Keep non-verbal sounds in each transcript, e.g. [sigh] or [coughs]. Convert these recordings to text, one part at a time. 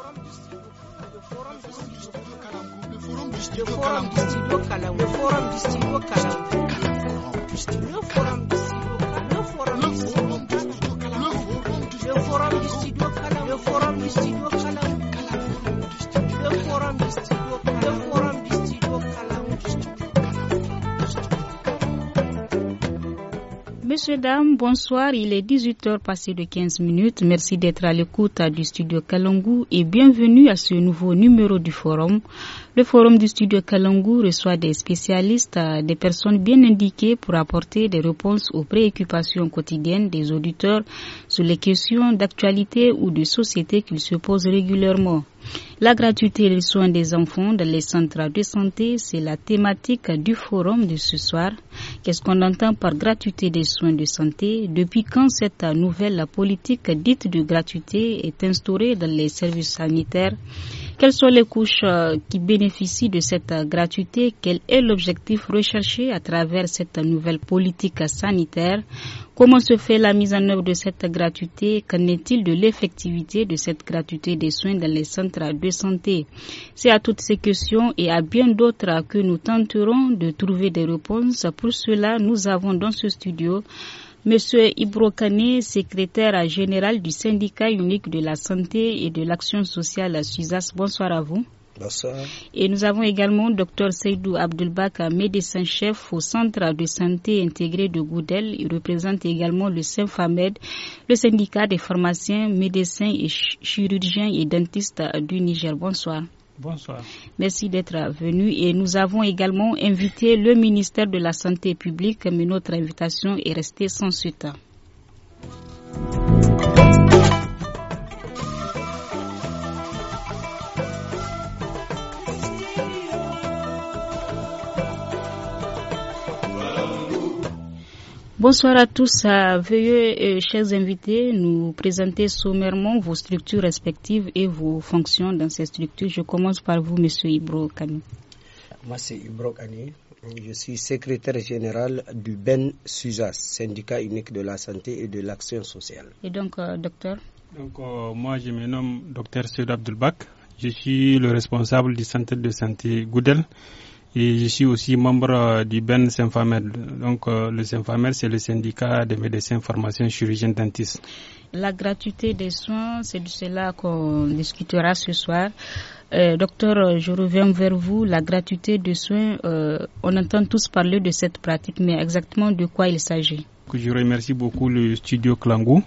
forum du forum le forum du studio le forum du studio forum le forum du le forum du forum du messieurs, dames, bonsoir. Il est 18h passé de 15 minutes. Merci d'être à l'écoute du studio Kalangu et bienvenue à ce nouveau numéro du forum. Le forum du studio Kalangou reçoit des spécialistes, euh, des personnes bien indiquées pour apporter des réponses aux préoccupations quotidiennes des auditeurs sur les questions d'actualité ou de société qu'ils se posent régulièrement. La gratuité des soins des enfants dans les centres de santé, c'est la thématique du forum de ce soir. Qu'est-ce qu'on entend par gratuité des soins de santé Depuis quand cette nouvelle politique dite de gratuité est instaurée dans les services sanitaires quelles sont les couches euh, qui bénéficient de cette euh, gratuité Quel est l'objectif recherché à travers cette nouvelle politique sanitaire Comment se fait la mise en œuvre de cette gratuité Qu'en est-il de l'effectivité de cette gratuité des soins dans les centres de santé C'est à toutes ces questions et à bien d'autres que nous tenterons de trouver des réponses. Pour cela, nous avons dans ce studio Monsieur Kane, secrétaire général du syndicat unique de la santé et de l'action sociale à SUSAS, bonsoir à vous. Bonsoir. Et nous avons également Dr Seydou Abdelbaka, médecin-chef au Centre de santé intégré de Goudel. Il représente également le SINFAMED, le syndicat des pharmaciens, médecins et chirurgiens et dentistes du Niger. Bonsoir. Bonsoir. Merci d'être venu et nous avons également invité le ministère de la Santé publique, mais notre invitation est restée sans suite. Bonsoir à tous. Veuillez, euh, chers invités, nous présenter sommairement vos structures respectives et vos fonctions dans ces structures. Je commence par vous, Monsieur Ibro Kani. Moi, c'est Ibro Kani. Je suis secrétaire général du BEN SUSAS, syndicat unique de la santé et de l'action sociale. Et donc, euh, docteur Donc, euh, moi, je me nomme docteur Souda Abdelbak. Je suis le responsable du centre de santé Goudel et je suis aussi membre euh, du BEN famère Donc euh, le le famère c'est le syndicat des médecins pharmaciens, chirurgiens dentistes. La gratuité des soins, c'est de cela qu'on discutera ce soir. Euh, docteur, je reviens vers vous. La gratuité des soins, on entend tous parler de cette pratique, mais exactement de quoi il s'agit Je remercie beaucoup le studio Klangou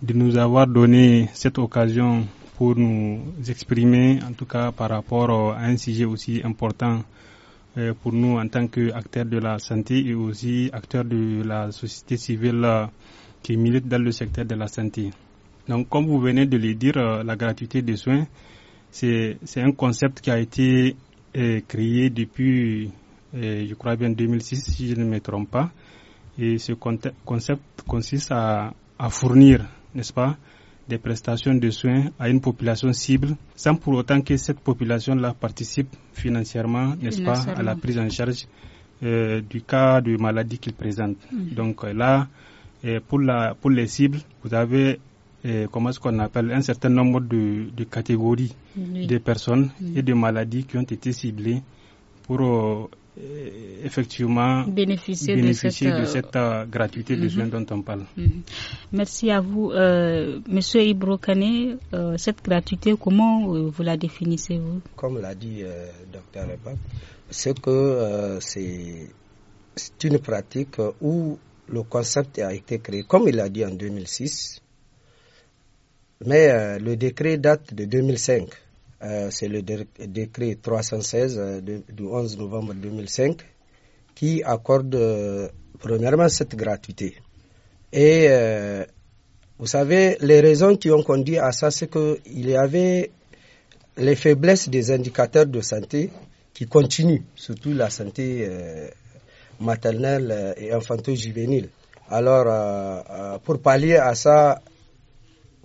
de nous avoir donné cette occasion pour nous exprimer, en tout cas par rapport à un sujet aussi important euh, pour nous en tant qu'acteurs de la santé et aussi acteurs de la société civile euh, qui milite dans le secteur de la santé. Donc, comme vous venez de le dire, euh, la gratuité des soins, c'est un concept qui a été créé depuis, je crois bien, 2006, si je ne me trompe pas. Et ce concept consiste à, à fournir, n'est-ce pas, des prestations de soins à une population cible, sans pour autant que cette population-là participe financièrement, n'est-ce pas, à la prise en charge euh, du cas de maladie qu'il présente. Hmm. Donc euh, là, euh, pour, la, pour les cibles, vous avez euh, comment ce qu'on appelle un certain nombre de, de catégories de personnes et de maladies qui ont été ciblées pour euh, effectivement bénéficier, de, cette, euh, euh, gratuité de soins mhm. dont on parle. Mhm. Merci à vous. Monsieur Ibrokane, cette gratuité, comment vous la définissez-vous Comme l'a dit Docteur Rebab, c'est que c'est une pratique où le concept a été créé, comme il l'a dit en 2006, mais le décret date de 2005. Euh, c'est le décret 316 euh, du 11 novembre 2005 qui accorde euh, premièrement cette gratuité. Et vous savez, les raisons qui ont conduit à ça, c'est qu'il y avait les faiblesses des indicateurs de santé qui continuent, surtout la santé maternelle et infanto-juvénile. Alors, pour pallier à ça,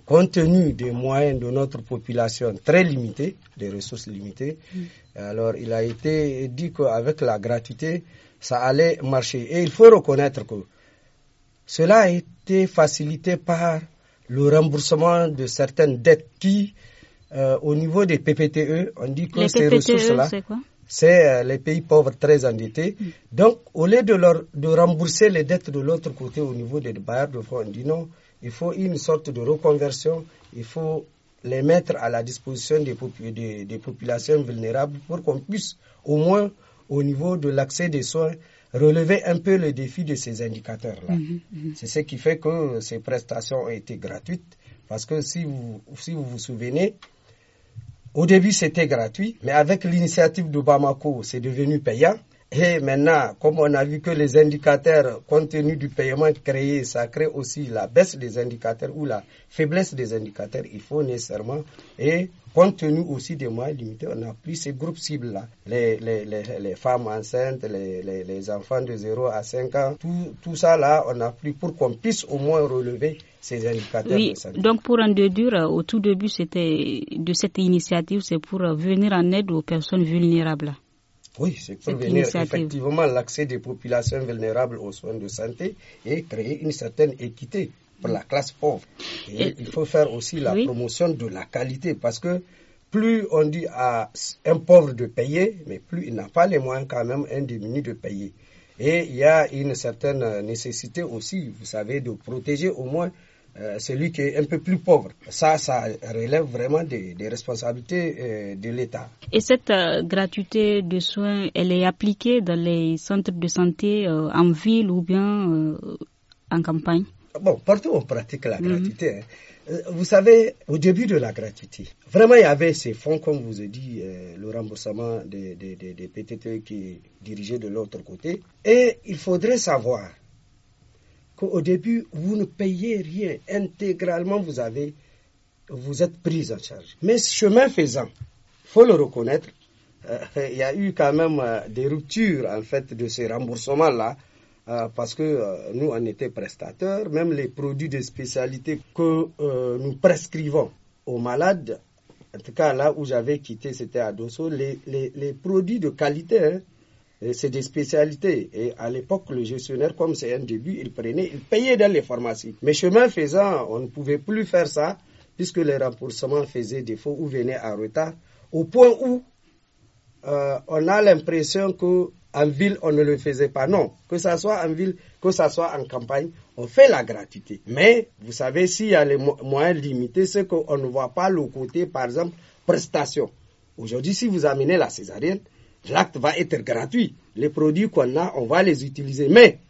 compte tenu des moyens de notre population très limités, des ressources limitées, mm. alors il a été dit qu'avec la gratuité, ça allait marcher. Et il faut reconnaître que cela a été facilité par le remboursement de certaines dettes qui, euh, au niveau des PPTE, on dit que ces e, ressources-là, c'est euh, les pays pauvres très endettés. Mm. Donc, au lieu de, leur, de rembourser les dettes de l'autre côté au niveau des bailleurs de fonds, on dit non, il faut une sorte de reconversion, il faut les mettre à la disposition des, populations vulnérables pour qu'on puisse, au moins au niveau de l'accès des soins, relever un peu le défi de ces indicateurs-là. Mhm, mhm. C'est ce qui fait que ces prestations ont été gratuites, parce que si vous si vous, vous souvenez, au début c'était gratuit, mais avec l'initiative de Bamako, c'est devenu payant. Et maintenant, comme on a vu que les indicateurs, compte tenu du paiement créé, ça crée aussi la baisse des indicateurs ou la faiblesse des indicateurs, il faut nécessairement, et compte tenu aussi des moyens limités, on a pris ces groupes cibles-là, les, femmes enceintes, les, enfants de 0 à 5 ans, tout, ça là, on a pris pour qu'on puisse au moins relever ces indicateurs. Oui, donc pour en déduire, euh, au tout début c'était de cette initiative, c'est pour euh, venir en aide aux personnes vulnérables. Oui, c'est pour effectivement l'accès des populations vulnérables aux soins de santé et créer une certaine équité pour la classe pauvre. Et, il faut faire aussi la promotion de la qualité parce que plus on dit à un pauvre de payer, mais plus il n'a pas les moyens quand même un diminu de payer. Et il y a une certaine nécessité aussi, vous savez, de protéger au moins euh, celui qui est un peu plus pauvre. Ça, ça relève vraiment des, responsabilités euh, de l'État. Et cette euh, gratuité de soins, elle est appliquée dans les centres de santé en ville ou bien en campagne Bon, partout on pratique la mhm. gratuité. Hein. Vous savez, au début de la gratuité, vraiment il y avait ces fonds, comme vous avez dit, le remboursement des, des PTT qui est de l'autre côté. Et il faudrait savoir qu'au début, vous ne payez rien. Intégralement, vous, avez, vous êtes pris en charge. Mais chemin faisant, faut le reconnaître, euh, il y a eu quand même euh, des ruptures en fait de ces remboursements-là. Euh, parce que nous, on était prestateurs, même les produits de spécialité que nous prescrivons aux malades, en tout cas là où j'avais quitté, c'était à Dosso, les, les, les produits de qualité, hein, c'est des spécialités. Et à l'époque, le gestionnaire, comme c'est un début, il prenait, il payait dans les pharmacies. Mais chemin faisant, on ne pouvait plus faire ça, puisque les remboursements faisaient défaut ou venaient en retard, au point où euh, on a l'impression que en ville, on ne le faisait pas. Non, que ça soit en ville, que ça soit en campagne, on fait la gratuité. Mais vous savez, s'il y a les moyens limités, c'est qu'on ne voit pas le côté, par exemple, prestation. Aujourd'hui, si vous amenez la césarienne, l'acte va être gratuit. Les produits qu'on a, on va les utiliser. Mais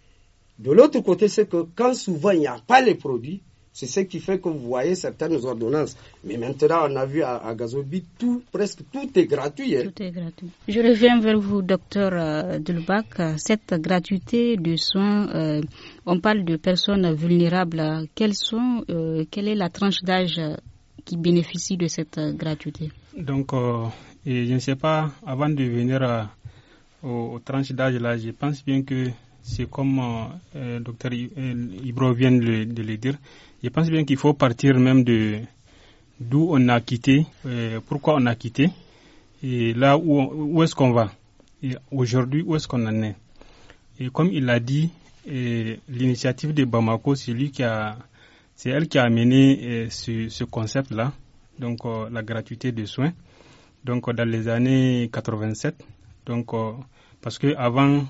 de l'autre côté, c'est que quand souvent il n'y a pas les produits, c'est ce qui fait que vous voyez certaines ordonnances. Mais maintenant, on a vu à, Gazobit, tout, presque tout est gratuit. Hein. Tout est gratuit. Je reviens vers vous, docteur euh, Cette gratuité de soins, euh, on parle de personnes vulnérables. Quelles sont, euh, quelle est la tranche d'âge qui bénéficient de cette euh, gratuité. Donc, euh, je ne sais pas, avant de venir euh, au aux, d'âge, là, je pense bien que c'est comme euh, docteur Ibro vient de, le dire, je pense bien qu'il faut partir même de d'où on a quitté, pourquoi on a quitté, et là où, est-ce qu'on va, et aujourd'hui où est-ce qu'on en est. Et comme il a dit, l'initiative de Bamako, c'est lui qui a c'est elle qui a amené euh, ce, concept-là, donc euh, la gratuité des soins, donc euh, dans les années 87. Donc, parce que avant,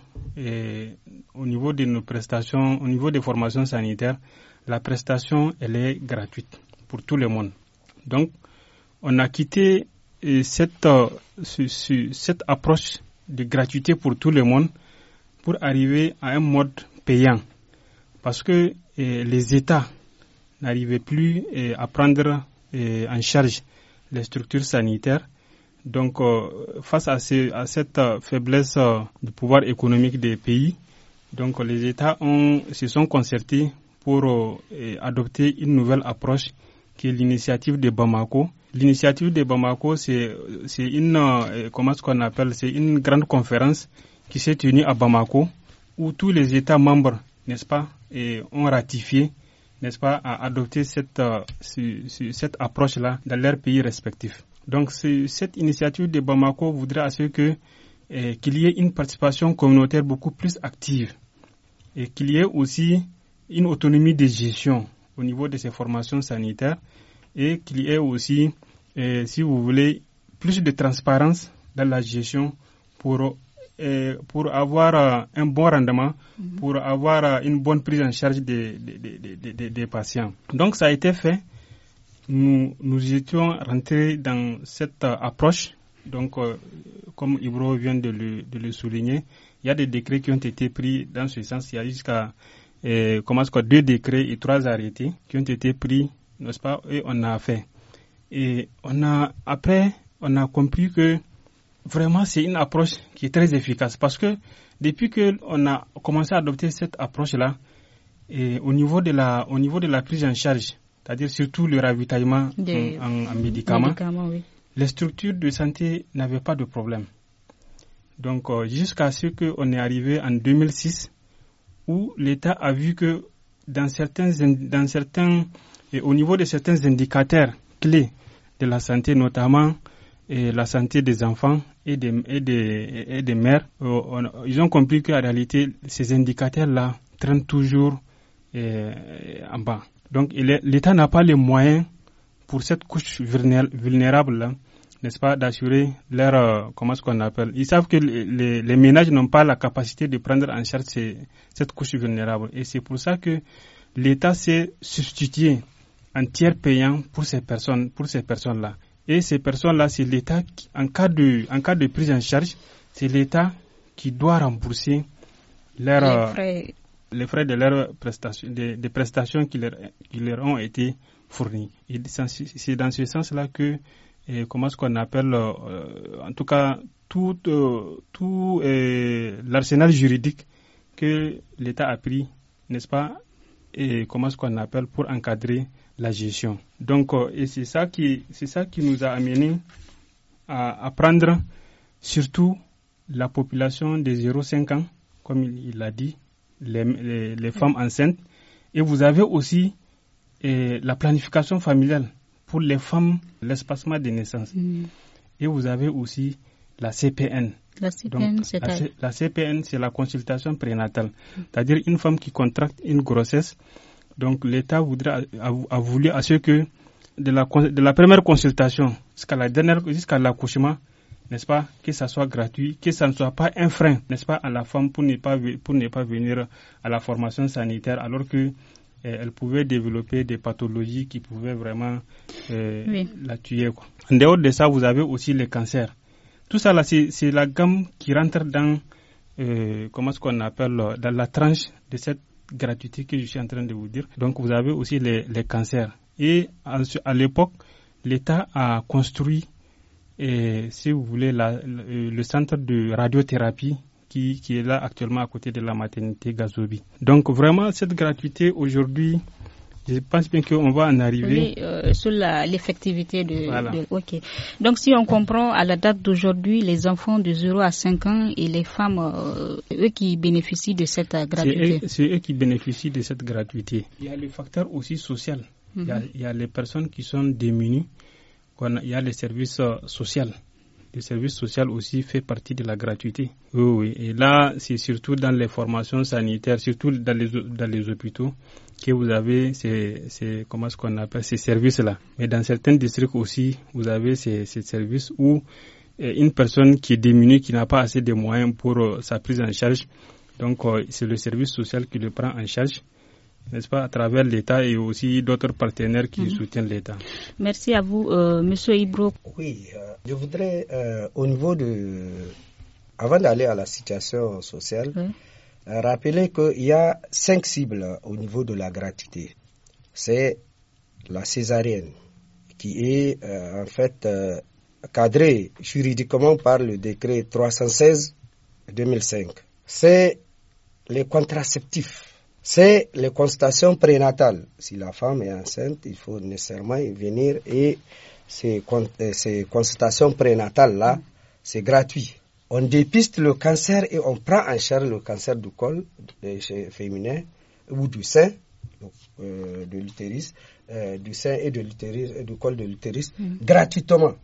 au niveau de nos prestations, au niveau des formations sanitaires, la prestation, elle est gratuite pour tout le monde. Donc, on a quitté cette, cette approche de gratuité pour tout le monde pour arriver à un mode payant. Parce que les États n'arrivaient plus euh, à prendre euh, en charge les structures sanitaires. Donc, euh, face à, cette faiblesse du pouvoir économique des pays, donc les États se sont concertés pour adopter une nouvelle approche qui est l'initiative de Bamako. L'initiative de Bamako, c'est une comment ce qu'on appelle, c'est une grande conférence qui s'est tenue à Bamako où tous les États membres, n'est-ce pas, ont ratifié n'est-ce pas, à adopter cette, euh, cette approche-là dans leurs pays respectifs. Donc cette initiative de Bamako voudrait à ce que eh, qu'il y ait une participation communautaire beaucoup plus active et qu'il y ait aussi une autonomie de gestion au niveau de ces formations sanitaires et qu'il y ait aussi, eh, si vous voulez, plus de transparence dans la gestion pour euh, pour avoir euh, un bon rendement, mhm. pour avoir euh, une bonne prise en charge des, des, des, patients. Donc ça a été fait. Nous, nous étions rentrés dans cette approche. Donc, comme Ibro vient de le, de le, souligner, il y a des décrets qui ont été pris dans ce sens. Il y a jusqu'à deux décrets et trois arrêtés qui ont été pris, n'est-ce pas Et on a fait. Et on a après, on a compris que vraiment, c'est une approche qui est très efficace parce que depuis qu'on a commencé à adopter cette approche-là, au niveau de la, au niveau de la prise en charge, c'est-à-dire surtout le ravitaillement en, médicaments, les structures de santé n'avaient pas de problème. Donc, euh, jusqu'à ce qu'on est arrivé en 2006, où l'État a vu que dans certains, dans certains, et au niveau de certains indicateurs clés de la santé, notamment et la santé des enfants et des, et des, et des mères, euh, ils ont compris qu'en réalité, ces indicateurs-là traînent toujours euh, en bas. Donc l'État n'a pas les moyens pour cette couche vulnérable, n'est-ce pas, d'assurer leur, euh, comment est-ce qu'on appelle, ils savent que les, ménages n'ont pas la capacité de prendre en charge ces, cette couche vulnérable. Et c'est pour ça que l'État s'est substitué en tiers payant pour ces personnes, pour ces personnes-là. Et ces personnes-là, c'est l'État, en, cas de, en cas de prise en charge, c'est l'État qui doit rembourser euh, les, frais. de leurs prestations, des, prestations qui leur, ont été fournies. C'est dans ce sens-là que, eh, comment comment ce qu'on appelle, euh, en tout cas, tout, euh, tout eh, l'arsenal juridique que l'État a pris, n'est-ce pas, et comment ce qu'on appelle pour encadrer la gestion. Donc, euh, et c'est ça qui, c'est ça qui nous a amené à, prendre surtout la population des 0,5 ans, comme il l'a dit, les, les, femmes enceintes. Et vous avez aussi euh, la planification familiale pour les femmes, l'espacement des naissances. Mm. Et vous avez aussi la CPN. La CPN, c'est la, consultation prénatale. C'est-à-dire une femme qui contracte une grossesse, donc l'État voudra, a, voulu à ce que de la, de la première consultation jusqu'à la dernière, jusqu'à l'accouchement, n'est-ce pas, que ça soit gratuit, que ça ne soit pas un frein, n'est-ce pas, à la femme pour ne pas, pour ne pas venir à la formation sanitaire alors que eh, elle pouvait développer des pathologies qui pouvaient vraiment eh, la tuer. En dehors de ça, vous avez aussi les cancers. Tout ça, là, c'est la gamme qui rentre dans, eh, comment ce qu'on appelle, dans la tranche de cette gratuité que je suis en train de vous dire. Donc vous avez aussi les, les cancers. Et à, l'époque, l'État a construit, si vous voulez, le, centre de radiothérapie qui, qui, est là actuellement à côté de la maternité Gazobi. Donc vraiment, cette gratuité aujourd'hui, je pense bien qu'on va en arriver. Euh, sur l'effectivité de, Ok. Donc, si on comprend, à la date d'aujourd'hui, les enfants de 0 à 5 ans et les femmes, euh, eux qui bénéficient de cette euh, gratuité. C'est eux, qui bénéficient de cette gratuité. Il y a le facteur aussi social. il, y a, mhm. les personnes qui sont démunies. Il y a les services sociaux le service social aussi fait partie de la gratuité. Oui, oui. Et là, c'est surtout dans les formations sanitaires, surtout dans les, dans les hôpitaux que vous avez ces, comment ce qu'on appelle ces services-là. Mais dans certains districts aussi, vous avez ces, services où eh, une personne qui est démunie, qui n'a pas assez de moyens pour euh, sa prise en charge, donc euh, c'est le service social qui le prend en charge n'est-ce pas, à travers l'État et aussi d'autres partenaires qui mhm. soutiennent l'État. Merci à vous, M. Euh, Monsieur Oui, je voudrais, au niveau de... Avant d'aller à la situation sociale, Rappelez qu'il y a cinq cibles au niveau de la gratuité. C'est la césarienne, qui est euh, en fait euh, cadrée juridiquement par le décret 316-2005. C'est les contraceptifs. C'est les consultations prénatales. Si la femme est enceinte, il faut nécessairement y venir et ces, euh, ces consultations prénatales-là, c'est gratuit on dépiste le cancer et on prend en charge le cancer du col féminin ou du sein, euh, de l'utérus, euh, du sein et de l'utérus, du col de l'utérus, mm. gratuitement.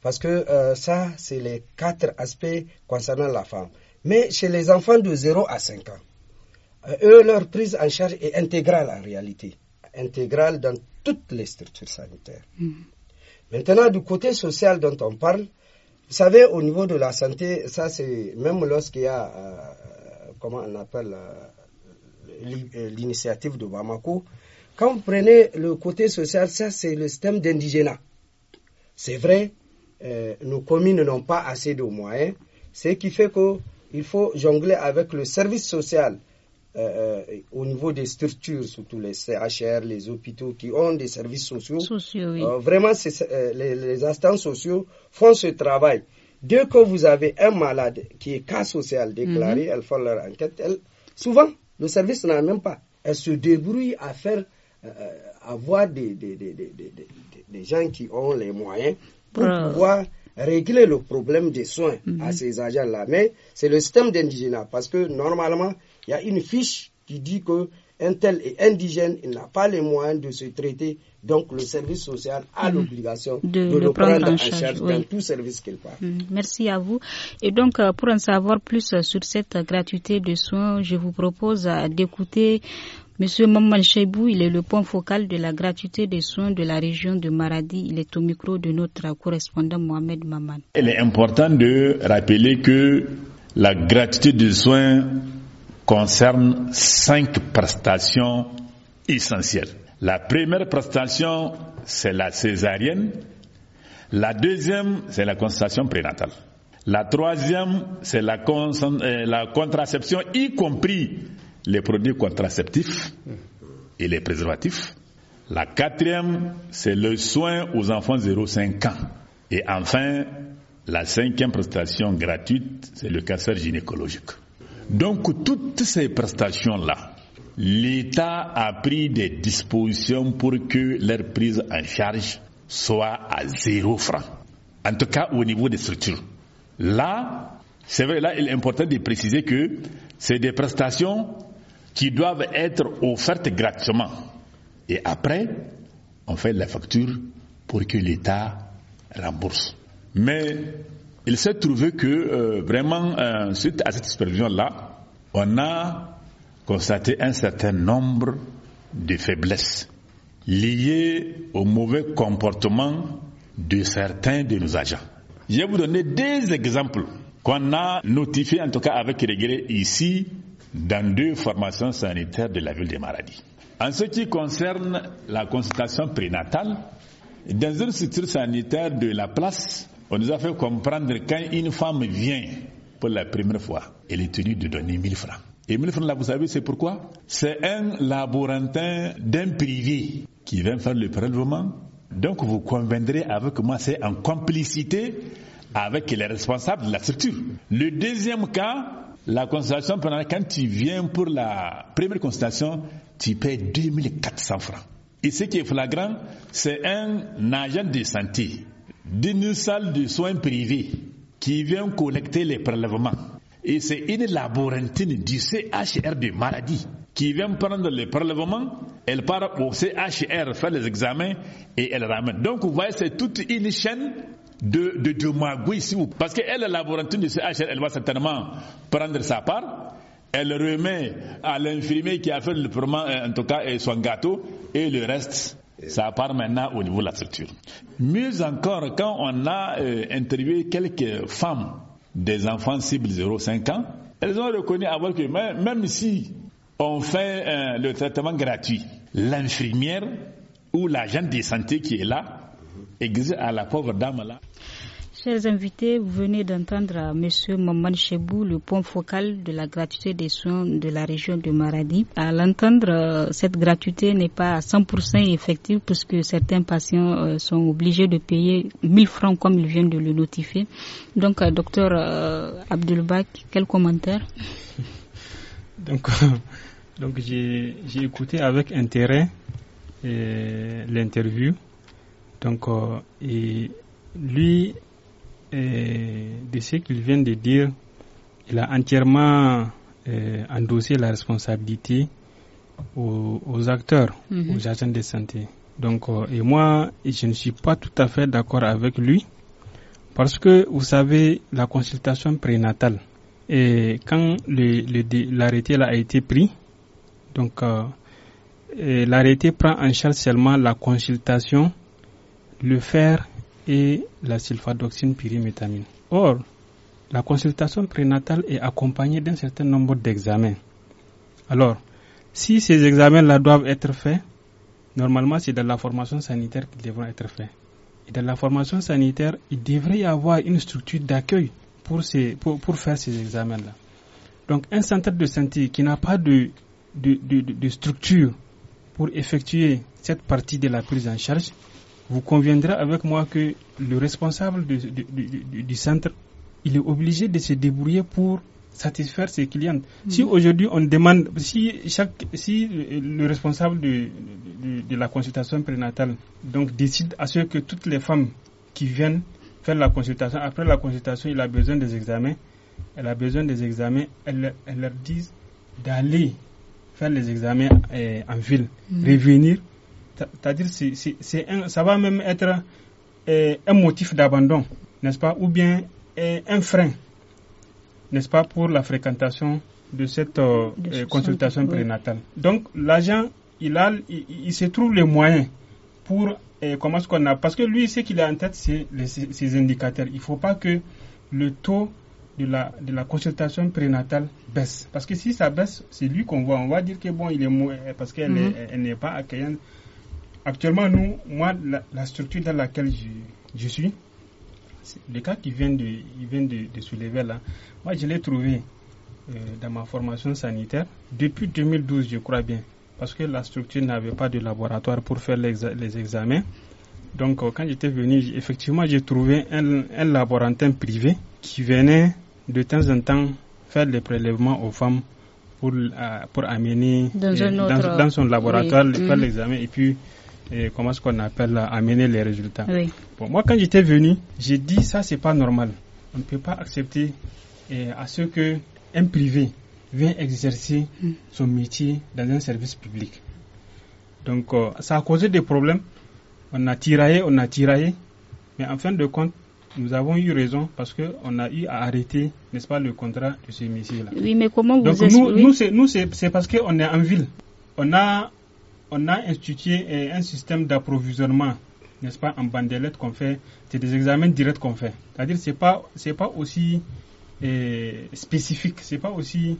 Parce que euh, ça, c'est les quatre aspects concernant la femme. Mais chez les enfants de 0 à 5 ans, eux, leur prise en charge est intégrale en réalité, intégrale dans toutes les structures sanitaires. Mm. Maintenant, du côté social dont on parle, vous savez, au niveau de la santé, ça c'est même lorsqu'il y a, euh, comment on appelle, euh, euh, l'initiative de Bamako, quand vous prenez le côté social, ça c'est le système d'indigénat. C'est vrai, nos communes n'ont pas assez de moyens, ce qui fait qu'il faut jongler avec le service social euh, euh, au niveau des structures, surtout les CHR, les hôpitaux qui ont des services sociaux, euh, vraiment les, les, sociaux font ce travail. Dès que vous avez un malade qui est cas social déclaré, mhm. elles font leur enquête. souvent, le service n'en a même pas. Elles se débrouillent à faire avoir des, des, gens qui ont les moyens pour pouvoir régler le problème des soins à mhm. ces agents-là. Mais c'est le système d'indigénat parce que normalement, il y a une fiche qui dit que un tel est indigène, il n'a pas les moyens de se traiter, donc le service social a mhm. l'obligation de, le prendre, en charge, dans tout service qu'il part. Mhm. Merci à vous. Et donc, euh, pour en savoir plus euh, sur cette gratuité de soins, je vous propose euh, d'écouter Monsieur Maman Cheibou, il est le point focal de la gratuité des soins de la région de Maradi. Il est au micro de notre correspondant Mohamed Maman. Il est important de rappeler que la gratuité des soins concerne cinq prestations essentielles. La première prestation, c'est la césarienne. La deuxième, c'est la consultation prénatale. La troisième, c'est la, euh, contraception, y compris les produits contraceptifs et les préservatifs. La quatrième, c'est le soin aux enfants 0-5 ans. Et enfin, la cinquième prestation gratuite, c'est le cancer gynécologique. Donc toutes ces prestations-là, l'État a pris des dispositions pour que leur prise en charge soit à zéro franc. En tout cas, au niveau des structures. Là, c'est vrai, là, il est important de préciser que c'est des prestations qui doivent être offertes gratuitement. Et après, on fait la facture pour que l'État rembourse. Mais il s'est trouvé que euh, vraiment, euh, suite à cette supervision-là, on a constaté un certain nombre de faiblesses liées au mauvais comportement de certains de nos agents. Je vais vous donner des exemples qu'on a notifiés, en tout cas avec regret, ici, dans deux formations sanitaires de la ville de Maradi. En ce qui concerne la consultation prénatale, dans une structure sanitaire de la place, on nous a fait comprendre quand une femme vient pour la première fois, elle est tenue de donner 1000 francs. Et 1000 francs, là, vous savez, c'est pourquoi C'est un laborantin d'un privé qui vient faire le prélèvement. Donc, vous conviendrez avec moi, c'est en complicité avec les responsables de la structure. Le deuxième cas, la consultation pendant quand tu viens pour la première consultation, tu payes 2400 francs. Et ce qui est flagrant, c'est un agent de santé d'une salle de soins privés qui vient collecter les prélèvements. Et c'est une laborantine du CHR de maladie qui vient prendre les prélèvements, elle part au CHR faire les examens et elle ramène. Donc vous voyez, c'est toute une chaîne de, de, de vous... Parce qu'elle, laborantine du CHR, elle va certainement prendre sa part. Elle remet à l'infirmier qui a fait le prélèvement, euh, en tout cas, et son gâteau, et le reste, ça part maintenant au niveau de la structure. Mieux encore, quand on a euh, interviewé quelques femmes des enfants cibles 0-5 ans, elles ont reconnu avoir que même, si on fait euh, le traitement gratuit, l'infirmière ou l'agent de santé qui est là exige à la pauvre dame là Chers invités, vous venez d'entendre M. Maman Chebou, le point focal de la gratuité des soins de la région de Maradi. À l'entendre, euh, cette gratuité n'est pas à 100% effective puisque certains patients euh, sont obligés de payer 1000 francs comme ils viennent de le notifier. Donc, euh, docteur Abdelbak, quel commentaire [laughs] Donc, donc j'ai écouté avec intérêt l'interview. Donc, et lui, de ce qu'il vient de dire, il a entièrement euh, endossé la responsabilité aux, acteurs, mhm. aux agents de santé. Donc, euh, et moi, je ne suis pas tout à fait d'accord avec lui parce que, vous savez, la consultation prénatale, et quand l'arrêté a été pris, donc euh, l'arrêté prend en charge seulement la consultation, le faire et la sulfadoxine pyrimétamine. Or, la consultation prénatale est accompagnée d'un certain nombre d'examens. Alors, si ces examens-là doivent être faits, normalement c'est dans la formation sanitaire qu'ils devront être faits. Et dans la formation sanitaire, il devrait y avoir une structure d'accueil pour, ces, pour, pour faire ces examens-là. Donc, un centre de santé qui n'a pas de, de, de, de structure pour effectuer cette partie de la prise en charge, vous conviendrez avec moi que le responsable du, centre, il est obligé de se débrouiller pour satisfaire ses clients. Hmm. Si aujourd'hui on demande, si chaque, si le responsable de, la consultation prénatale donc décide à ce que toutes les femmes qui viennent faire la consultation, après la consultation, il a besoin des examens, elle a besoin des examens, elle, leur dit d'aller faire les examens euh, en ville, hmm. revenir c'est-à-dire ça va même être euh, un motif d'abandon, n'est-ce pas, ou bien euh, un frein, n'est-ce pas, pour la fréquentation de cette euh, consultation prénatale. Donc l'agent, il il, se trouve les moyens pour comment ce qu'on a, parce que lui, ce qu'il a en tête, c'est ces indicateurs. Il ne faut pas que le taux de la, consultation prénatale baisse. Parce que si ça baisse, c'est lui qu'on voit. On va dire que bon, il est parce qu'elle mm-hmm. n'est pas accueillante Actuellement, nous, moi, la, structure dans laquelle je, suis, le cas qui vient de, il de, de soulever là, moi, je l'ai trouvé euh, dans ma formation sanitaire depuis 2012, je crois bien, parce que la structure n'avait pas de laboratoire pour faire les examens. Donc, euh, quand j'étais venu, effectivement, j'ai trouvé un, un laborantin privé qui venait de temps en temps faire les prélèvements aux femmes pour, euh, pour amener dans, son laboratoire, faire mm-hmm. l'examen et puis et comment ce qu'on appelle euh, amener les résultats. moi, quand j'étais venu, j'ai dit ça, c'est pas normal. On ne peut pas accepter euh, à ce que un privé vienne exercer mm. son métier dans un service public. Donc, euh, ça a causé des problèmes. On a tiraillé, on a tiraillé, mais en fin de compte, nous avons eu raison parce qu'on a eu à arrêter, n'est-ce pas, le contrat de ce métier-là. Oui, mais comment vous Donc, nous, nous c'est parce qu'on est en ville. On a on a institué eh, un système d'approvisionnement, n'est-ce pas, en bandelette qu'on fait. C'est des examens directs qu'on fait. C'est-à-dire que ce n'est pas, aussi eh, spécifique, c'est pas aussi.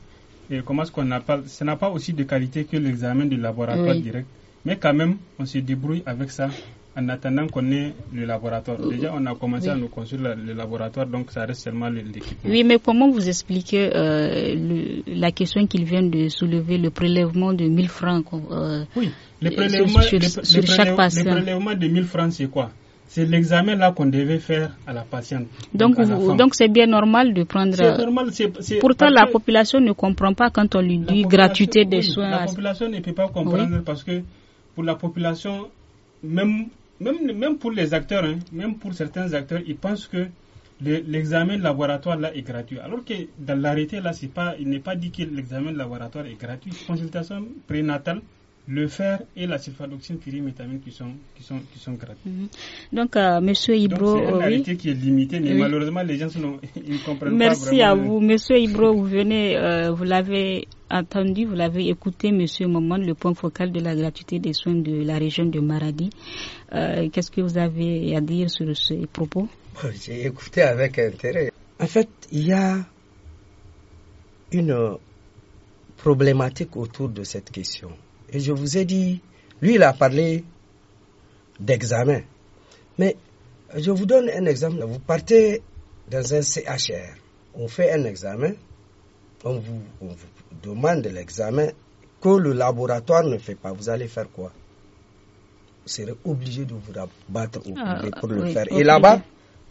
Eh, comment comment ce qu'on appelle ce n'a pas aussi de qualité que l'examen de laboratoire direct. Mais quand même, on se débrouille avec ça en attendant qu'on ait le laboratoire, euh, déjà on a commencé à nous construire le laboratoire, donc ça reste seulement l'équipement. Oui, mais comment vous expliquez euh, la question qu'il vient de soulever, le prélèvement de 1000 francs euh, Oui, le prélèvement, sur, chaque patient le prélèvement de 1000 francs, c'est quoi c'est l'examen là qu'on devait faire à la patiente. Donc, donc c'est bien normal de prendre. Normal, Pourtant, la population ne comprend pas quand on lui dit gratuité des soins. La population ne peut pas comprendre parce que pour la population, même même, même pour les acteurs, hein, même pour certains acteurs, ils pensent que l'examen de laboratoire là est gratuit. Alors que dans l'arrêté là, pas, il n'est pas dit que l'examen de laboratoire est gratuit. Consultation prénatale, le fer et la sulfadoxine pyrimétamine qui sont, gratuits. Mhm. Donc, euh, Monsieur Ibro, c'est oui. qui est limitée, mais malheureusement les gens [laughs] ne comprennent Merci pas. Merci à vous, Monsieur Ibro, vous venez, euh, vous l'avez entendu, vous l'avez écouté, Monsieur Momon, le point focal de la gratuité des soins de la région de Maradi. Euh, qu'est-ce que vous avez à dire sur ces propos J'ai écouté avec intérêt. En fait, il y a une problématique autour de cette question. Et je vous ai dit, lui, il a parlé d'examen. Mais je vous donne un exemple. Vous partez dans un CHR, on fait un examen, on on vous demande l'examen que le laboratoire ne fait pas, vous allez faire quoi Vous serez obligé de vous battre au ah, pour le faire. Et là-bas,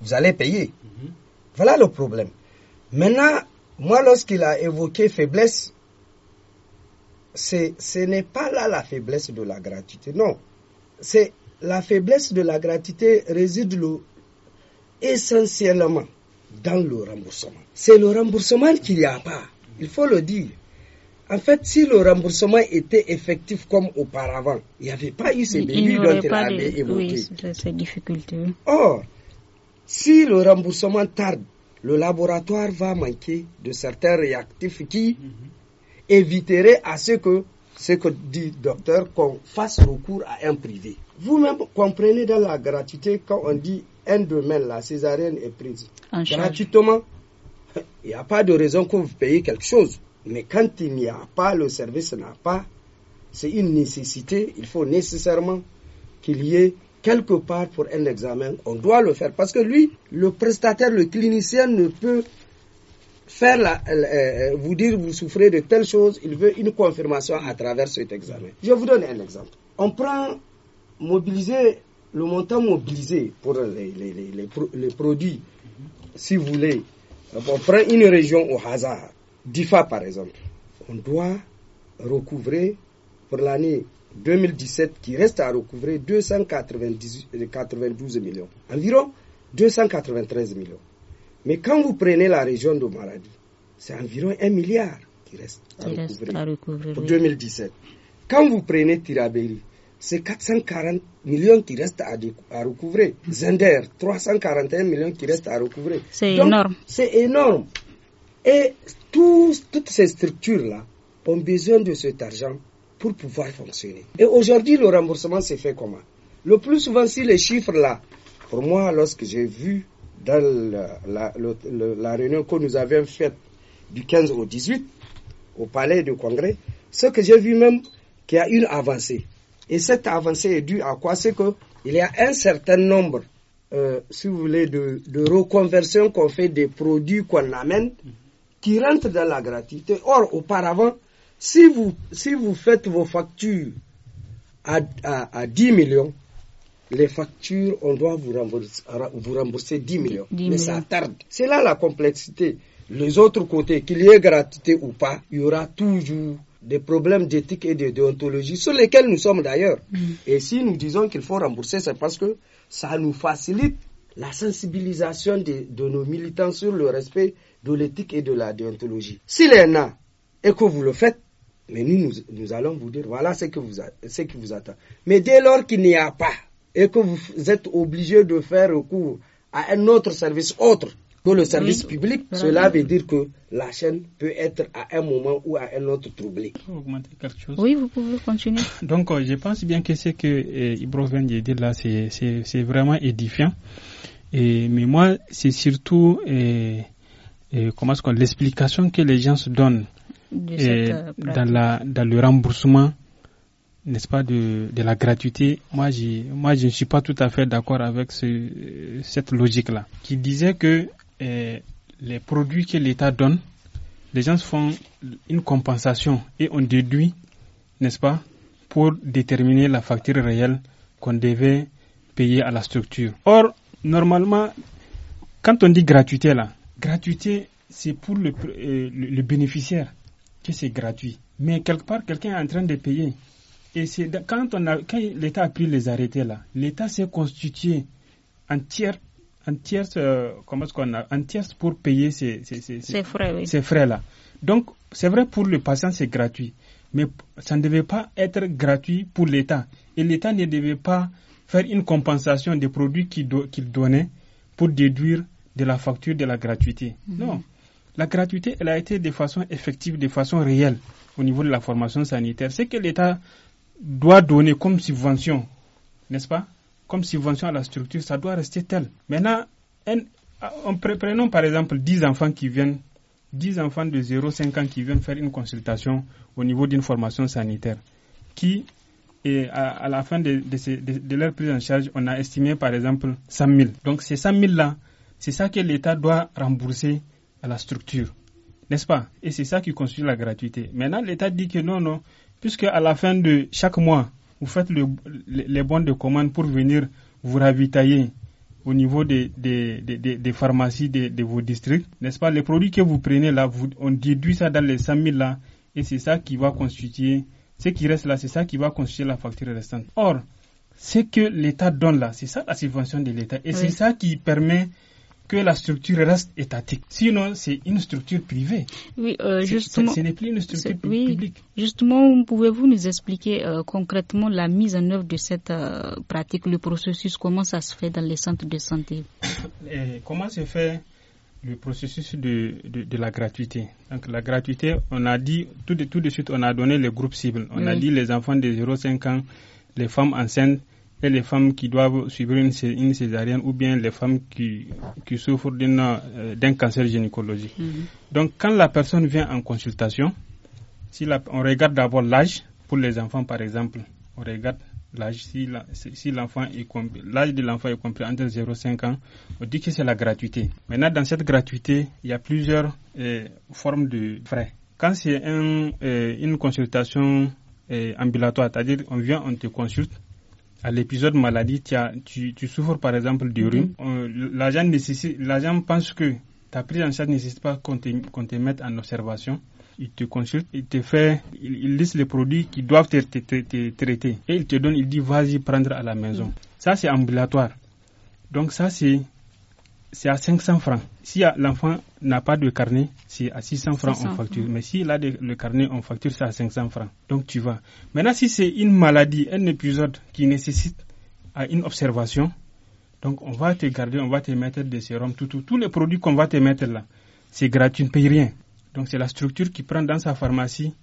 vous allez payer. Mhm. Voilà le problème. Maintenant, moi, lorsqu'il a évoqué faiblesse, ce n'est pas là la faiblesse de la gratuité. Non. C'est la faiblesse de la gratuité réside essentiellement dans le remboursement. C'est le remboursement qu'il n'y a pas. Il faut le dire. En fait, si le remboursement était effectif comme auparavant, il n'y avait pas eu ces débuts dont il avait évoqué. Oui, difficultés. Or, si le remboursement tarde, le laboratoire va manquer de certains réactifs qui éviterait mhm. éviteraient à ce que, ce que dit le docteur, qu'on fasse recours à un privé. Vous-même comprenez dans la gratuité quand on dit un domaine, la césarienne est prise gratuitement. Il n'y a pas de raison que vous payez quelque chose. Mais quand il n'y a pas, le service n'a pas, c'est une nécessité, il faut nécessairement qu'il y ait quelque part pour un examen, on doit le faire. Parce que lui, le prestataire, le clinicien ne peut faire euh, euh, vous dire vous souffrez de telle chose, il veut une confirmation à travers cet examen. Je vous donne un exemple. On prend mobiliser le montant mobilisé pour les, produits, si vous voulez. On prend une région au hasard. DIFA, par exemple, on doit recouvrer pour l'année 2017 qui reste à recouvrer 292 millions, environ 293 millions. Mais quand vous prenez la région de Maradi, c'est environ 1 milliard qui reste à recouvrer, recouvrir, pour 2017. Quand vous prenez Tirabéry, c'est 440 millions qui restent à, à recouvrer. Zender, 341 millions qui restent à recouvrer. C'est énorme. C'est énorme. Et toutes ces structures-là ont besoin de cet argent pour pouvoir fonctionner. Et aujourd'hui, le remboursement s'est fait comment Le plus souvent, si les chiffres-là, pour moi, lorsque j'ai vu dans la, réunion que nous avions faite du 15 au 18, au palais du Congrès, ce que j'ai vu même, qu'il y a une avancée. Et cette avancée est due à quoi C'est qu'il y a un certain nombre, euh, si vous voulez, de, de reconversions qu'on fait des produits qu'on amène qui rentre dans la gratuité. Or, auparavant, si vous, si vous faites vos factures à, à, 10 millions, les factures, on doit vous rembourser, vous rembourser 10 millions. Mais ça tarde. C'est là la complexité. Les autres côtés, qu'il y ait gratuité ou pas, il y aura toujours des problèmes d'éthique et de déontologie sur lesquels nous sommes d'ailleurs. Mm. Et si nous disons qu'il faut rembourser, c'est parce que ça nous facilite la sensibilisation de, de nos militants sur le respect de l'éthique et de la déontologie. S'il y en a et que vous le faites, mais nous, nous, allons vous dire, voilà ce, que vous ce qui vous attend. Mais dès lors qu'il n'y a pas et que vous êtes obligé de faire recours à un autre service autre que le service public, cela veut dire que la chaîne peut être à un moment ou à un autre troublée. Oui, vous pouvez continuer. [laughs] Donc, euh, je pense bien que ce que eh, Ibro vient de dire là, c'est vraiment édifiant. Et, mais moi, c'est surtout euh, et comment est-ce qu'on l'explication que les gens se donnent euh, dans la dans le remboursement n'est-ce pas de, de la gratuité moi j'ai moi je ne suis pas tout à fait d'accord avec ce, cette logique là qui disait que euh, les produits que l'État donne les gens font une compensation et on déduit n'est-ce pas pour déterminer la facture réelle qu'on devait payer à la structure or normalement quand on dit gratuité là Gratuité, c'est pour euh, le, bénéficiaire que c'est gratuit. Mais quelque part, quelqu'un est en train de payer. Et c'est quand, l'État a pris les arrêtés là, l'État s'est constitué en tiers, en tiers, euh, comment ce qu'on a, tiers pour payer ces, frais, ces frais là. Donc, c'est vrai pour le patient, c'est gratuit. Mais ça ne devait pas être gratuit pour l'État. Et l'État ne devait pas faire une compensation des produits qu'il donnait pour déduire de la facture de la gratuité. Mhm. Non. La gratuité, elle a été de façon effective, de façon réelle au niveau de la formation sanitaire. C'est que l'État doit donner comme subvention, n'est-ce pas Comme subvention à la structure, ça doit rester tel. Maintenant, en prenant prenons par exemple 10 enfants qui viennent, 10 enfants de 0,5 ans qui viennent faire une consultation au niveau d'une formation sanitaire, qui, et à, la fin de, de, leur prise en charge, on a estimé par exemple 100 000. Donc ces 100 000-là, c'est ça que l'État doit rembourser à la structure. N'est-ce pas Et c'est ça qui constitue la gratuité. Maintenant, l'État dit que non, non, puisque à la fin de chaque mois, vous faites les bons de commande pour venir vous ravitailler au niveau des, des, pharmacies de, vos districts, n'est-ce pas Les produits que vous prenez là, vous, on déduit ça dans les 100 000 là, et c'est ça qui va constituer, ce qui reste là, c'est ça qui va constituer la facture restante. Or, ce que l'État donne là, c'est ça la subvention de l'État, et c'est ça qui permet que la structure reste étatique. Sinon, c'est une structure privée. Oui, euh, justement. Ce n'est plus une structure publique. Justement, pouvez-vous nous expliquer euh, concrètement la mise en œuvre de cette euh, pratique, le processus, comment ça se fait dans les centres de santé [coughs] Comment se fait le processus de, de, la gratuité. Donc la gratuité, on a dit tout de, tout de suite, on a donné les groupes cibles. On a dit les enfants de 0,5 ans, les femmes enceintes, les femmes qui doivent suivre une, césarienne ou bien les femmes qui, qui souffrent euh, d'un cancer gynécologique. Mhm. Donc quand la personne vient en consultation, si on regarde d'abord l'âge, pour les enfants par exemple, on regarde l'âge, si l'enfant l'âge de l'enfant est compris entre 0 et 5 ans, on dit que c'est la gratuité. Maintenant, dans cette gratuité, il y a plusieurs euh, formes de frais. Quand c'est un, euh, une consultation ambulatoire, c'est-à-dire on vient, on te consulte, à l'épisode maladie, tu, souffres par exemple du rhume, mhm. euh, l'agent pense que ta prise en charge ne nécessite pas qu'on te, mette en observation. Il te consulte, il te fait, il, liste les produits qui doivent être traités Et il te donne, il dit, vas-y prendre à la maison. Mhm. Ça, c'est ambulatoire. Donc ça, c'est c'est à 500 francs. Si l'enfant n'a pas de carnet, c'est à 600 francs en facture. Mais s'il a le carnet en facture, c'est à 500 francs. Donc tu vas. Maintenant, si c'est une maladie, un épisode qui nécessite à une observation, donc on va te garder, on va te mettre des sérums, tout, Tous les produits qu'on va te mettre là, c'est gratuit, ne paye rien. Donc c'est la structure qui prend dans sa pharmacie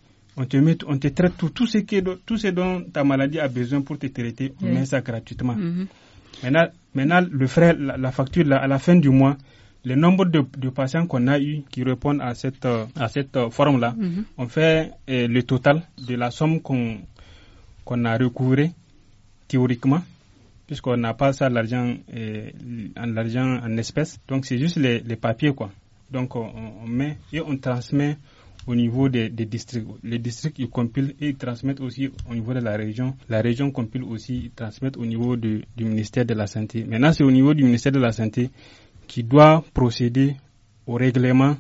on te, met, on te traite tout, ce, qui, tout ce dont ta maladie a besoin pour te traiter, on met ça gratuitement. Mm-hmm. Maintenant, le frais, la, facture, à la fin du mois, le nombre de, patients qu'on a eu qui répondent à cette, à cette euh, forme-là, mhm. on fait euh, le total de la somme qu'on qu'on a recouvrée théoriquement, puisqu'on n'a pas ça l'argent euh, en l'argent en espèces. Donc c'est juste les, papiers quoi. Donc on met et on transmet au niveau des, des, districts. Les districts, ils compilent et ils transmettent aussi au niveau de la région. La région compile aussi, ils transmettent au niveau du ministère de la Santé. Maintenant, c'est au niveau du ministère de la Santé qui doit procéder au règlement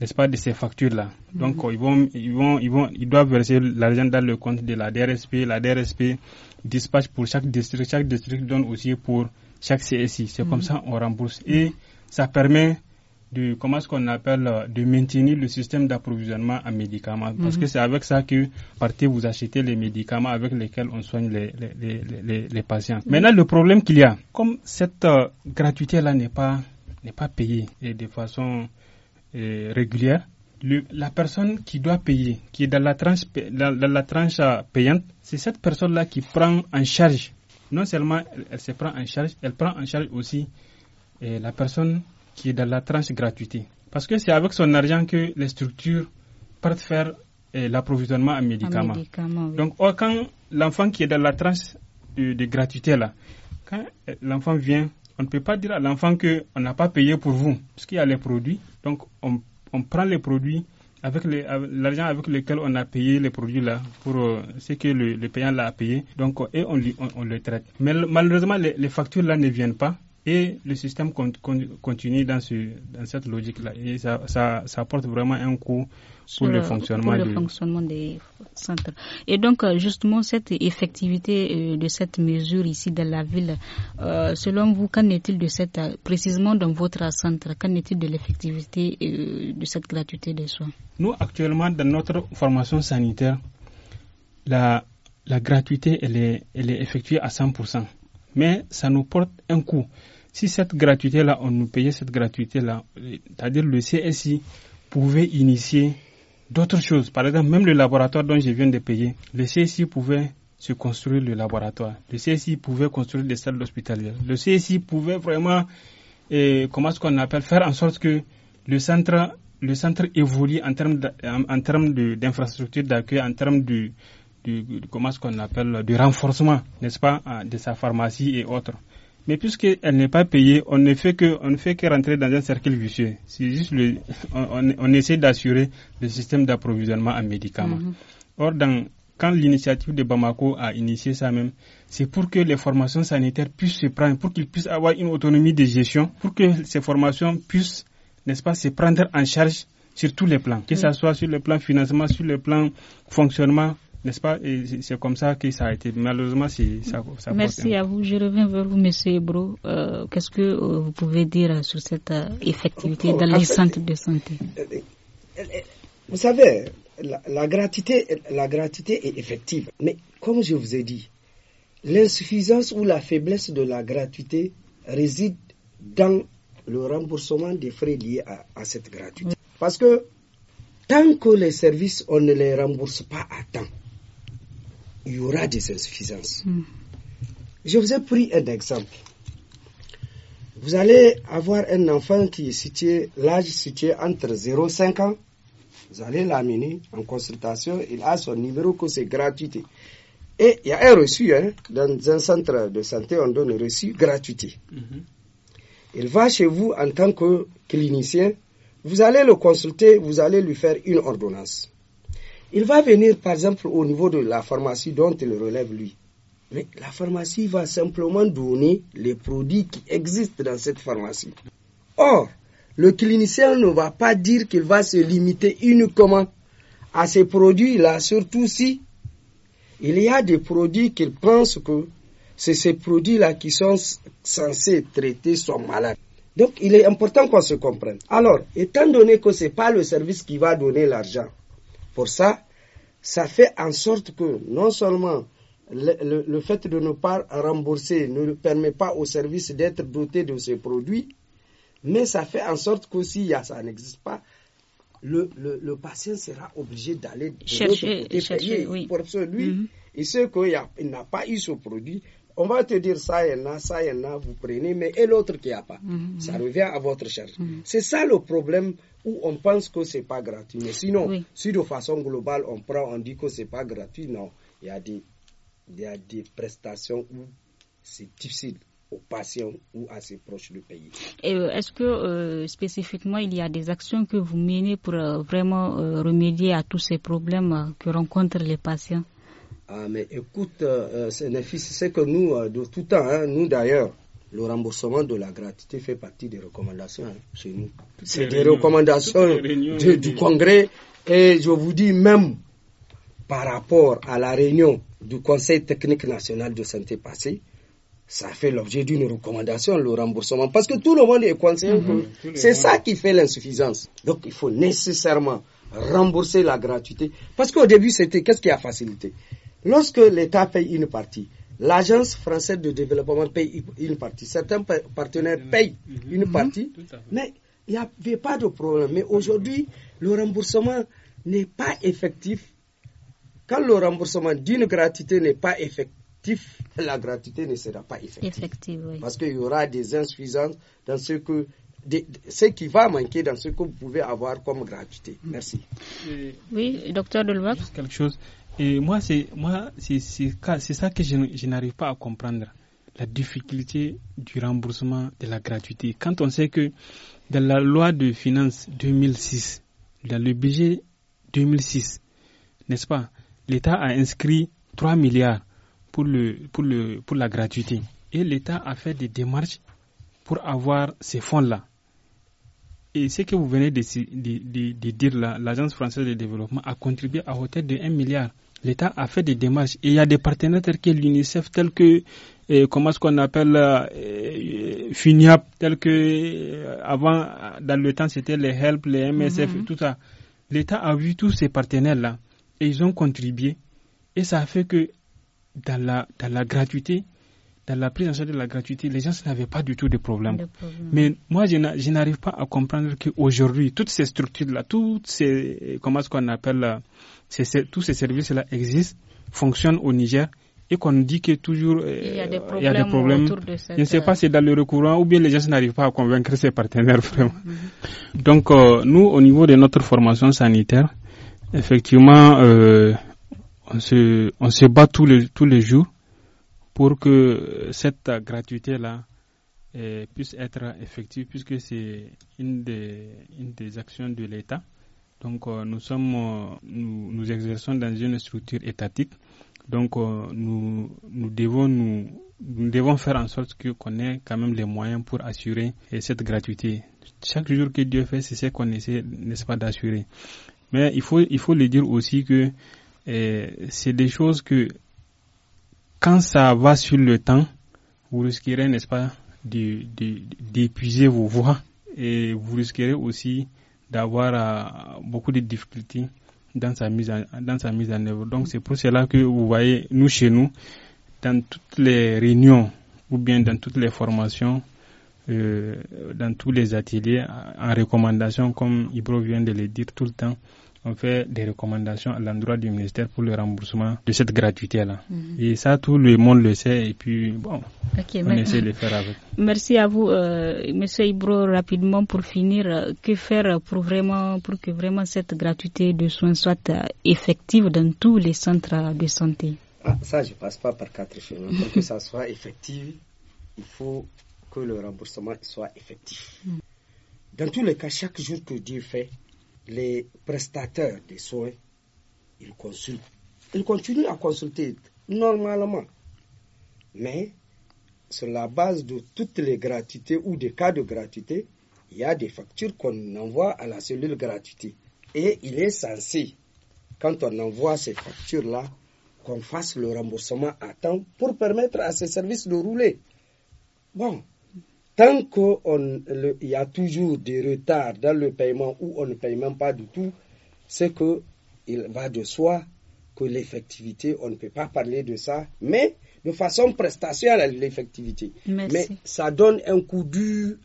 n'est-ce pas, de ces factures-là. Donc, mhm. ils, vont, ils, vont, ils, vont, ils doivent verser l'argent dans le compte de la DRSP. La DRSP dispatch pour chaque district. Chaque district donne aussi pour chaque CSI. C'est comme mhm. ça on rembourse. Et ça permet de comment ce qu'on appelle euh, de maintenir le système d'approvisionnement en médicaments parce que mhm. c'est avec ça que partez vous achetez les médicaments avec lesquels on soigne les, les, les, patients. Mhm. Maintenant le problème qu'il y a, comme cette euh, gratuité là n'est pas n'est pas payée de façon euh, régulière, la personne qui doit payer, qui est dans la tranche, la tranche payante, c'est cette personne là qui prend en charge. Non seulement elle, se prend en charge, elle prend en charge aussi et la personne qui est dans la tranche gratuité. Parce que c'est avec son argent que les structures partent faire eh, l'approvisionnement en médicaments. Donc, oh, quand l'enfant qui est dans la tranche euh, de, gratuité, là, quand eh, l'enfant vient, on ne peut pas dire à l'enfant qu'on n'a pas payé pour vous, parce qu'il y a les produits. Donc, on, on prend les produits avec l'argent avec lequel on a payé les produits là pour euh, ce que le, le payant l'a payé donc et on, on, on, le traite mais malheureusement les, les factures là ne viennent pas et le système continue dans, ce, cette logique-là. Et ça, apporte vraiment un coût pour le, fonctionnement, des centres. Et donc, euh, justement, cette effectivité euh, de cette mesure ici dans la ville, euh, selon vous, qu'en est-il de cette, précisément dans votre centre, qu'en est-il de l'effectivité de cette gratuité des soins Nous, actuellement, dans notre formation sanitaire, la, gratuité, elle elle est effectuée à 100% mais ça nous porte un coût. Si cette gratuité-là, on nous payait cette gratuité-là, c'est-à-dire le CSI pouvait initier d'autres choses. Par exemple, même le laboratoire dont je viens de payer, le CSI pouvait se construire le laboratoire. Le CSI pouvait construire des salles hospitalières. Le CSI pouvait vraiment, eh, comment est qu'on appelle, faire en sorte que le centre, le centre évolue en termes d'infrastructures d'accueil, en termes de, du, ce qu'on appelle du renforcement, n'est-ce pas, euh, de sa pharmacie et autres. Mais puisqu'elle n'est pas payée, on ne fait que, on ne fait que rentrer dans un cercle vicieux. on, essaie d'assurer le système d'approvisionnement en médicaments. Mhm. Or, quand l'initiative de Bamako a initié ça même, c'est pour que les formations sanitaires puissent se prendre, pour qu'ils puissent avoir une autonomie de gestion, pour que ces formations puissent, n'est-ce pas, se prendre en charge sur tous les plans, que ce soit sur le plan financement, sur le plan fonctionnement, n'est-ce pas c'est comme ça que ça a été. Malheureusement, ça, ça Merci à vous. Je reviens vers vous, monsieur Ebro. Euh, qu'est-ce que euh, vous pouvez dire euh, sur cette effectivité oh, oh, dans les centres de santé Vous savez, la, gratuité, la est effective. Mais comme je vous ai dit, l'insuffisance ou la faiblesse de la gratuité réside dans le remboursement des frais liés à cette gratuité. Parce que tant que les services, on ne les rembourse pas à temps, il y aura des insuffisances. Hmm. Je vous ai pris un exemple. Vous allez avoir un enfant qui est situé, l'âge situé entre 0 et 5 ans. Vous allez l'amener en consultation, il a son numéro que c'est gratuit Et il y a un reçu, hein. dans un centre de santé, on donne un reçu gratuit mhm. Il va chez vous en tant que clinicien, vous allez le consulter, vous allez lui faire une ordonnance. Il va venir, par exemple, au niveau de la pharmacie dont il relève lui. Mais la pharmacie va simplement donner les produits qui existent dans cette pharmacie. Or, le clinicien ne va pas dire qu'il va se limiter uniquement à ces produits-là, surtout si il y a des produits qu'il pense que c'est ces produits-là qui sont censés traiter son malade. Donc, il est important qu'on se comprenne. Alors, étant donné que ce n'est pas le service qui va donner l'argent, pour ça, ça fait en sorte que non seulement le, fait de ne pas rembourser ne permet pas au service d'être doté de ces produits, mais ça fait en sorte que si ça n'existe pas, le, patient sera obligé d'aller chercher, oui. pour celui. Mm-hmm. Et ce qu'il n'a pas eu ce produit, on va te dire ça, et y en a, ça, il y en a, vous prenez, mais et l'autre qui a pas. Mm, mm, mm. Ça revient à votre charge. C'est ça le problème où on pense que ce n'est pas gratuit. Mais sinon, si de façon globale, on prend, on dit que c'est pas gratuit, non. Il y a des, prestations où c'est difficile aux patients ou à ses proches du pays. Euh, est-ce que euh, spécifiquement il y a des actions que vous menez pour euh, vraiment remédier à tous ces problèmes que rencontrent les patients ah, mais écoute, euh, euh, c'est que nous, euh, de tout temps, hein, nous d'ailleurs, le remboursement de la gratuité fait partie des recommandations hein, chez nous. C'est des recommandations du Congrès. Et je vous dis même par rapport à la réunion du Conseil technique national de santé passée, ça fait l'objet d'une recommandation, le remboursement, parce que tout le monde est conscient, mhm. c'est ça qui fait l'insuffisance. Donc il faut nécessairement rembourser la gratuité, parce qu'au début, c'était qu'est-ce qui a facilité Lorsque l'État paye une partie, l'Agence française de développement paye une partie. Certains partenaires mm-hmm. payent mm-hmm. une mm-hmm. partie, mais il n'y avait pas de problème. Mais aujourd'hui, le remboursement n'est pas effectif. Quand le remboursement d'une gratuité n'est pas effectif, la gratuité ne sera pas effective. effective Parce qu'il y aura des insuffisances dans ce que ce qui va manquer dans ce que vous pouvez avoir comme gratuité. Merci. Oui, docteur Delvac. Quelque chose. Et moi, c'est moi, c'est ça que je, n'arrive pas à comprendre, la difficulté du remboursement de la gratuité. Quand on sait que dans la loi de finances 2006, dans le budget 2006, n'est-ce pas, l'État a inscrit 3 milliards pour, le, pour, le, pour la gratuité. Et l'État a fait des démarches pour avoir ces fonds-là. Et ce que vous venez de, dire là, l'Agence française de développement a contribué à hauteur de 1 milliard. L'État a fait des démarches et il y a des partenaires tels que l'UNICEF, tels que, euh, comment comment ce qu'on appelle euh, euh, Finiap, tels que, avant, dans le temps, c'était les HELP, les MSF, mm-hmm. tout ça. L'État a vu tous ces partenaires-là et ils ont contribué. Et ça a fait que, dans la, dans la gratuité, la prise en charge de la gratuité, les gens n'avaient pas du tout de problème. Mais moi, je n'arrive pas à comprendre qu'aujourd'hui, toutes ces structures-là, toutes ces, comment ce qu'on appelle, tous ces services-là existent, fonctionnent au Niger et qu'on dit que toujours il y a des problèmes. Euh, des problèmes. Je ne sais pas si c'est dans le recourant ou bien les gens n'arrivent pas à convaincre ses partenaires mm-hmm. vraiment. Donc euh, nous, au niveau de notre formation sanitaire, effectivement, euh, on, se, on se bat tous les, tous les jours pour que euh, cette gratuité-là euh, puisse être effective, puisque c'est une des, une des actions de l'État. Donc euh, nous sommes, nous, exerçons dans une structure étatique. Donc nous, nous devons nous, devons faire en sorte que qu'on ait quand même les moyens pour assurer cette gratuité. Chaque jour que Dieu fait, c'est ce qu'on essaie, n'est-ce pas, d'assurer. Mais il faut, il faut le dire aussi que c'est des choses que quand ça va sur le temps, vous risquerez, n'est-ce pas, d'épuiser vos voix et vous risquerez aussi d'avoir euh, beaucoup de difficultés dans sa mise en, dans sa mise en œuvre. Donc c'est pour cela que vous voyez, nous chez nous, dans toutes les réunions ou bien dans toutes les formations, euh, dans tous les ateliers, en recommandation, comme Ibro vient de le dire tout le temps, on fait des recommandations à l'endroit du ministère pour le remboursement de cette gratuité-là. Mhm. Et ça, tout le monde le sait. Et puis, bon, on essaie de le faire avec. Merci à vous, euh, Monsieur Ibro. Rapidement, pour finir, que faire pour, vraiment, pour que vraiment cette gratuité de soins soit effective dans tous les centres de santé ah, Ça, je ne passe pas par quatre chemins. pour que ça soit [laughs] effectif, il faut que le remboursement soit effectif. Mm. Dans tous les cas, chaque jour que Dieu fait, les prestateurs des soins, ils consultent. Ils continuent à consulter normalement, mais sur la base de toutes les gratuités ou des cas de gratuité, il y a des factures qu'on envoie à la cellule gratuité. Et il est censé, quand on envoie ces factures-là, qu'on fasse le remboursement à temps pour permettre à ces services de rouler. Bon, tant qu'il y a toujours des retards dans le paiement ou on ne paye même pas du tout, c'est qu'il va de soi que l'effectivité, on ne peut pas parler de ça, mais de façon prestationnelle l'effectivité. Mais ça donne un coup dur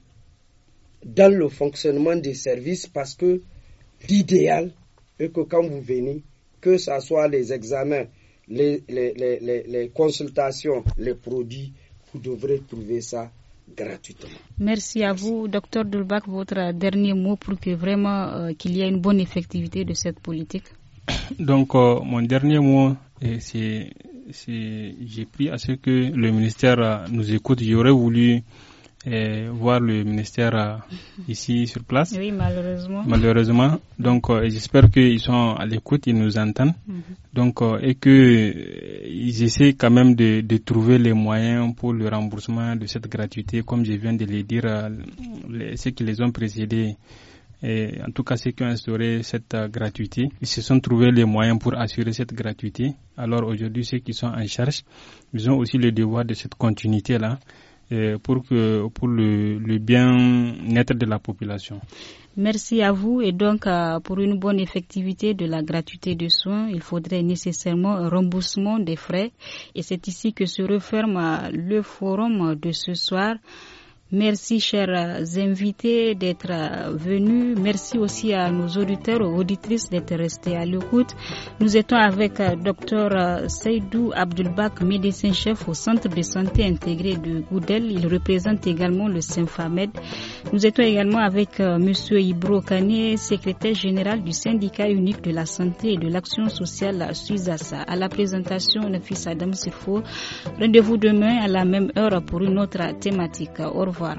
dans le fonctionnement des services parce que l'idéal est que quand vous venez, que ce soit les examens, les consultations, les produits, vous devrez trouver ça gratuitement. Merci à vous, docteur Dulbach. Votre dernier mot pour que vraiment euh, qu'il y ait une bonne effectivité de cette politique. [coughs] Donc, euh, mon dernier mot, c'est j'ai pris à ce que le ministère euh, nous écoute. J'aurais voulu voir le ministère euh, [laughs] ici sur place. Oui, malheureusement. Malheureusement. Donc, euh, j'espère qu'ils sont à l'écoute, ils nous entendent. Mhm. Donc, euh, et qu'ils essaient quand même de, de, trouver les moyens pour le remboursement de cette gratuité, comme je viens de le dire, ceux qui les ont précédés. Et en tout cas, ceux qui ont instauré cette gratuité, ils se sont trouvés les moyens pour assurer cette gratuité. Alors aujourd'hui, ceux qui sont en charge, ils ont aussi le devoir de cette continuité-là. Euh, pour, que, pour le, le bien-être de la population. Merci à vous. Et donc, euh, pour une bonne effectivité de la gratuité de soins, il faudrait nécessairement un remboursement des frais. Et c'est ici que se referme euh, le forum de ce soir. Merci, chers invités, d'être venus. Merci aussi à nos auditeurs et auditrices d'être restés à l'écoute. Nous étions avec euh, Dr euh, Seydou Abdulbak, médecin-chef au Centre de santé intégré de Goudel. Il représente également le Symphamed. Nous étions également avec euh, Monsieur Ibro Kane, secrétaire général du syndicat unique de la santé et de l'action sociale SUSASA. À la présentation, le fils Adam Sifo. Rendez-vous demain à la même heure pour une autre thématique. revoir.